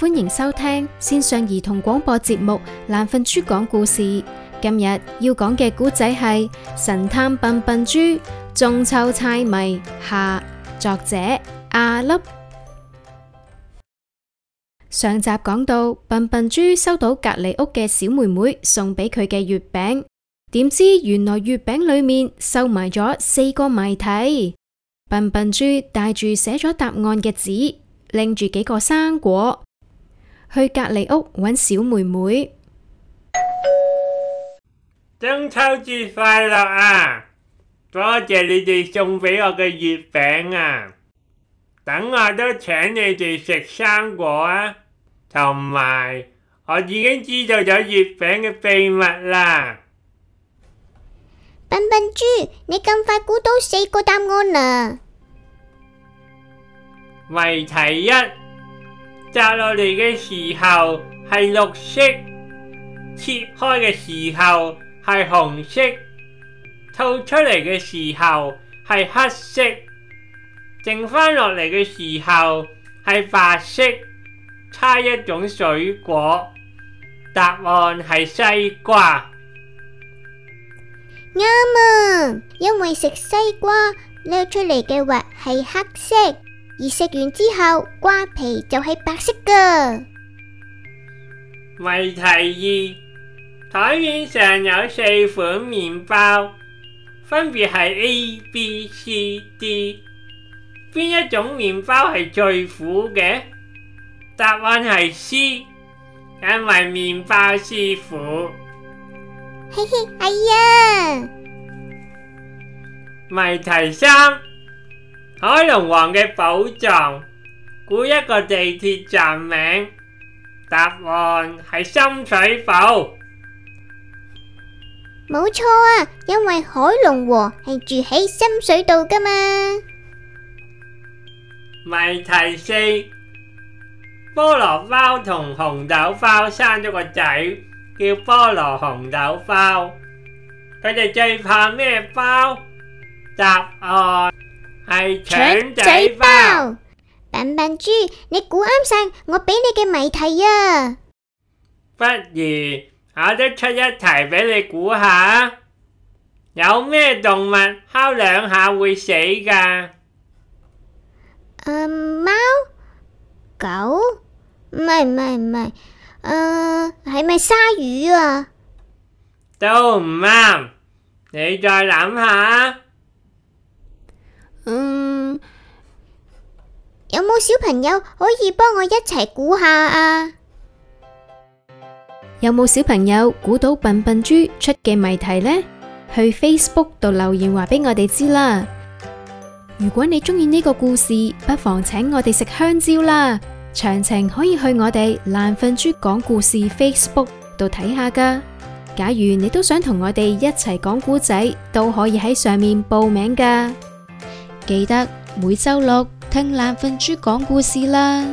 歡迎收聽綫上兒童廣播節目《懶瞓豬講故事》。今日要講嘅古仔係《神探笨笨豬中秋猜謎》下，作者阿粒。上集講到笨笨豬收到隔籬屋嘅小妹妹送俾佢嘅月餅，點知原來月餅裏面收埋咗四個謎題。笨笨豬帶住寫咗答案嘅紙，拎住幾個生果。去隔離屋揾小妹妹。中秋節快樂啊！多謝你哋送俾我嘅月餅啊！等我都請你哋食生果啊。同埋，我已經知道咗月餅嘅秘密啦。笨笨豬，你咁快估到四個答案啦？題一。摘落嚟嘅時候係綠色，切開嘅時候係紅色，吐出嚟嘅時候係黑色，剩翻落嚟嘅時候係白色，猜一種水果，答案係西瓜。啱啊，因為食西瓜撈出嚟嘅核係黑色。而食完之後，瓜皮就係白色㗎。謎題二，台面上有四款麵包，分別係 A、B、C、D，邊一種麵包係最苦嘅？答案係 C，因為麵包是苦。嘿嘿，哎呀。謎題三。海龍王嘅寶藏，估一個地鐵站名。答案係深水埗。冇錯啊，因為海龍王係住喺深水度噶嘛。謎題四，菠蘿包同紅豆包生咗個仔，叫菠蘿紅豆包。佢哋最怕咩包？答案。係腸仔包，笨笨豬，你估啱晒，我俾你嘅謎題啊！不如我得出一題俾你估下啊？有咩動物敲兩下會死㗎？誒，貓、狗，唔係唔係唔係，誒，係咪鯊魚啊？都唔啱，你再諗下。嗯，有冇小朋友可以幫我一齊估下啊？有冇小朋友估到笨笨豬出嘅謎題呢？去 Facebook 度留言話俾我哋知啦。如果你中意呢個故事，不妨請我哋食香蕉啦。詳情可以去我哋懶瞓豬講故事 Facebook 度睇下噶。假如你都想同我哋一齊講故仔，都可以喺上面報名噶。記得每周六聽懶瞓豬講故事啦！